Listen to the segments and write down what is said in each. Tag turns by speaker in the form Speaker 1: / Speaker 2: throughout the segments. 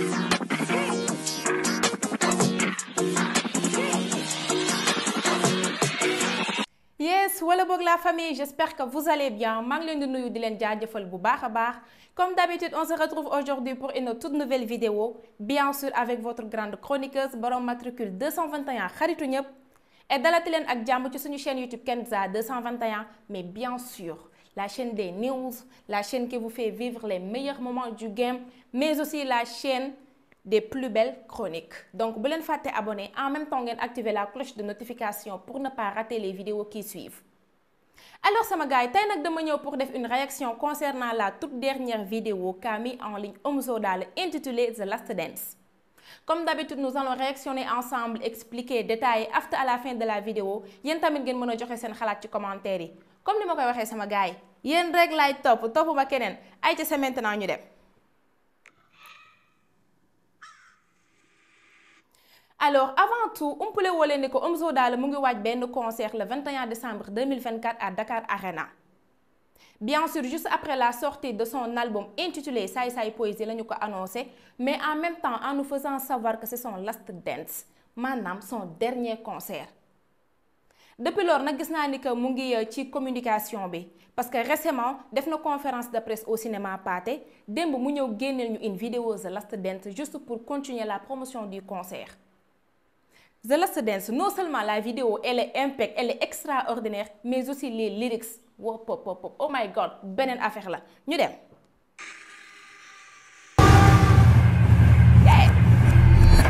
Speaker 1: yes wala boog la famille j'espère que vous allez bien maa leen di nuyu di leen jaajëfal bu baax a baax comme d'habitude on se retrouve aujourd'hui pour une toute nouvelle vidéo bien sûr avec votre grande chroniqueuse borom matricule 221 xaritu ñëpp et dalati leen ak jàmm ci suñu chaîne YouTube Kenza 221 mais bien sûr la chaîne des news, la chaîne qui vous fait vivre les meilleurs moments du game, mais aussi la chaîne des plus belles chroniques. Donc, bu leen fàtte abonné en même temps ngeen activer la cloche de notification pour ne pas rater les vidéos qui suivent. alors sama gars yi tey nag dama ñëw pour def une réaction concernant la toute dernière vidéo qu'a mis en ligne Omzo Dollar intitulée The Last Dance. comme d'habitude nous allons réactionner ensemble expliquer détailler after à la fin de la vidéo yéen tamit ngeen mën a joxe seen xalaat ci commentaire yi comme ni ma koy waxee sama gaay yi yéen rek laay topp topp ma keneen ay ca sa maintenant ñu dem alors avant tout umpale leen ni ko Omzo Dollar mu ngi waaj benn concert le 21 décembre 2024 à Dakar Arena bien sûr juste après la sortie de son album intitulé Saay Saay Poésie la ñu ko annoncé mais en même temps en nous faisant savoir que c'est son last dance maanaam son dernier concert depuis lors nag gis naa ni que mu ngi euh, ci communication bi parce que récemment def na conférence de presse au cinéma Pathé démb mu ñëw génneel ñu une vidéo de last dance juste pour continuer la promotion du concert The Last Dance, non seulement la vidéo, elle est impeccable, elle est extraordinaire, mais aussi les lyrics. Wow, pop, pop, my god, benen affaire la ñu dem.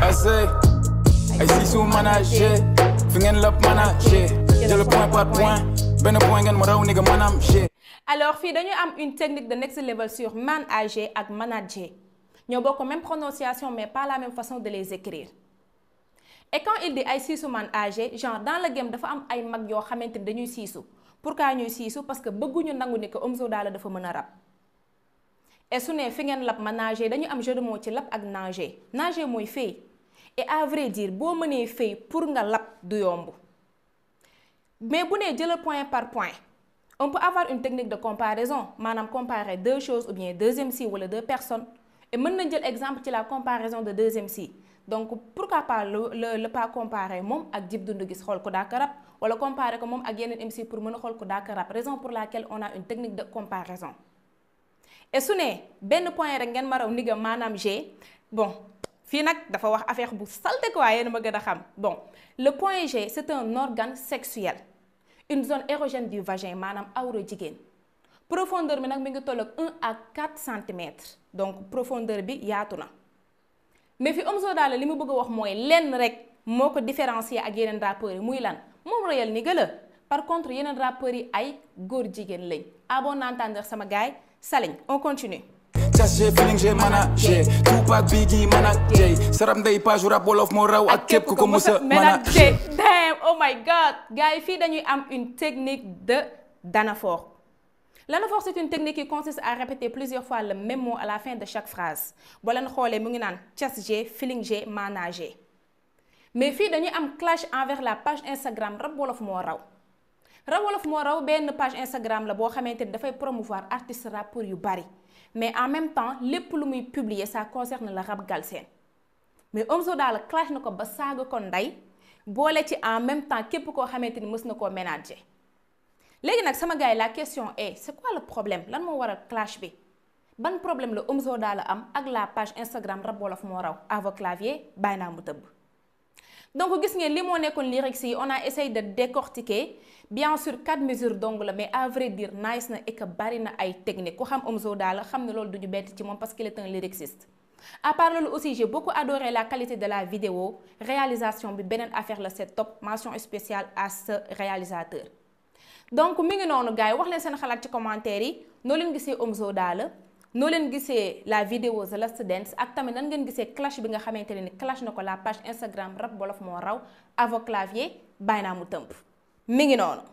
Speaker 1: I say, I see sous manager, fingen lop manager, je le point par point, ben point gen mora ou nigga manam Alors, fi dañu am une technique de next level sur manager ak manager. Ñoo bokk même prononciation mais pas la même façon de les écrire. et quand il dit ay siisu man âgé genre dans le game dafa am ay mag yoo xamante ni dañuy siisu pourquoi ñuy siisu parce que bëgguñu nangu ni que Omzo Dollar dafa mën a rap et su ne fi ngeen lab ma nager dañu am jeu de ci lab ak nager nager mooy fay et à vrai dire boo mënee fay pour nga lab du yomb mais bu nee jëla point par point on peut avoir une technique de comparaison maanaam comparer deux choses ou bien deuxième si wala deux personnes et mën nañ jël exemple ci la comparaison de deuxième si donc pourquoi pas le le pas comparer moom ak Dip Doundou Guiss xool ko daaka rap wala comparer ko moom ak yenn MC pour mën a xool ko daaka rap raison pour laquelle on a une technique de comparaison et su nee benn point rek ngeen ma raw ni maanaam G bon fii nag dafa wax affaire bu salte ko waaye yéen ma gën a xam bon le point G c'est un organe sexuel une zone érogène du vagin maanaam awra jigéen profondeur bi nag mi ngi tolloog ak à 4 centimètres donc profondeur bi yaatu na mais fi Omzo Dollar li mu bëgg a wax mooy lenn rek moo ko différencier ak yeneen rappeurs yi muy lan moom royal ni gëla par contre yeneen rappeurs yi ay góor jigéen lañ à ah bon sama gaay salañ on continue cas j'ai feeling j'ai managé Tupac Biggie managé saram ndey page rap wolof moo raw ak képp ku ko mës a managé damn oh my god gars yi fii dañuy am une technique de Danafor L'anaphore c'est une technique qui consiste à répéter plusieurs fois le même mot à la fin de chaque phrase boo leen xoolee mu ngi naan cas G feeling G maana mais fii dañuy am clash envers la page Instagram Rap Wolof moo raw Rap Wolof moo raw benn page Instagram la boo xamante ni dafay promouvoir artiste rappeur yu bari mais en même temps lépp lu muy publier ça concerne la rap galsen mais Omzo daal clash na ko ba saaga ko ndey boole ci en même temps képp koo xamante ni mës na koo ménager léegi nag sama gars yi la question est c'est quoi le problème lan moo waral clash bi ban problème la Omzo daal am ak la page Instagram Rap Wolof moo raw à vos claviers bàyyi naa mu tëbb. donc gis ngeen li moo nekkoon lyrics yi on a essayé de décortiquer bien sûr quatre mesures dong la mais à vrai dire nice na et que bari na ay technique ku xam Omzo Dollar xam ne loolu du ñu bett ci moom parce que est un lyriciste. à part loolu aussi j'ai beaucoup adoré la qualité de la vidéo réalisation bi beneen affaire la c'est top mention spéciale à ce donc mi ngi noonu gars yi wax leen seen xalaat ci commentaire yi noo leen gisee Omzo daal noo leen gisee la vidéo The Last Dance ak tamit nan ngeen gisee clash bi nga xamante ne ni clash na ko la page Instagram Rap bolof moo raw Avoclavier bàyyi naa mu tëmp mi ngi noonu.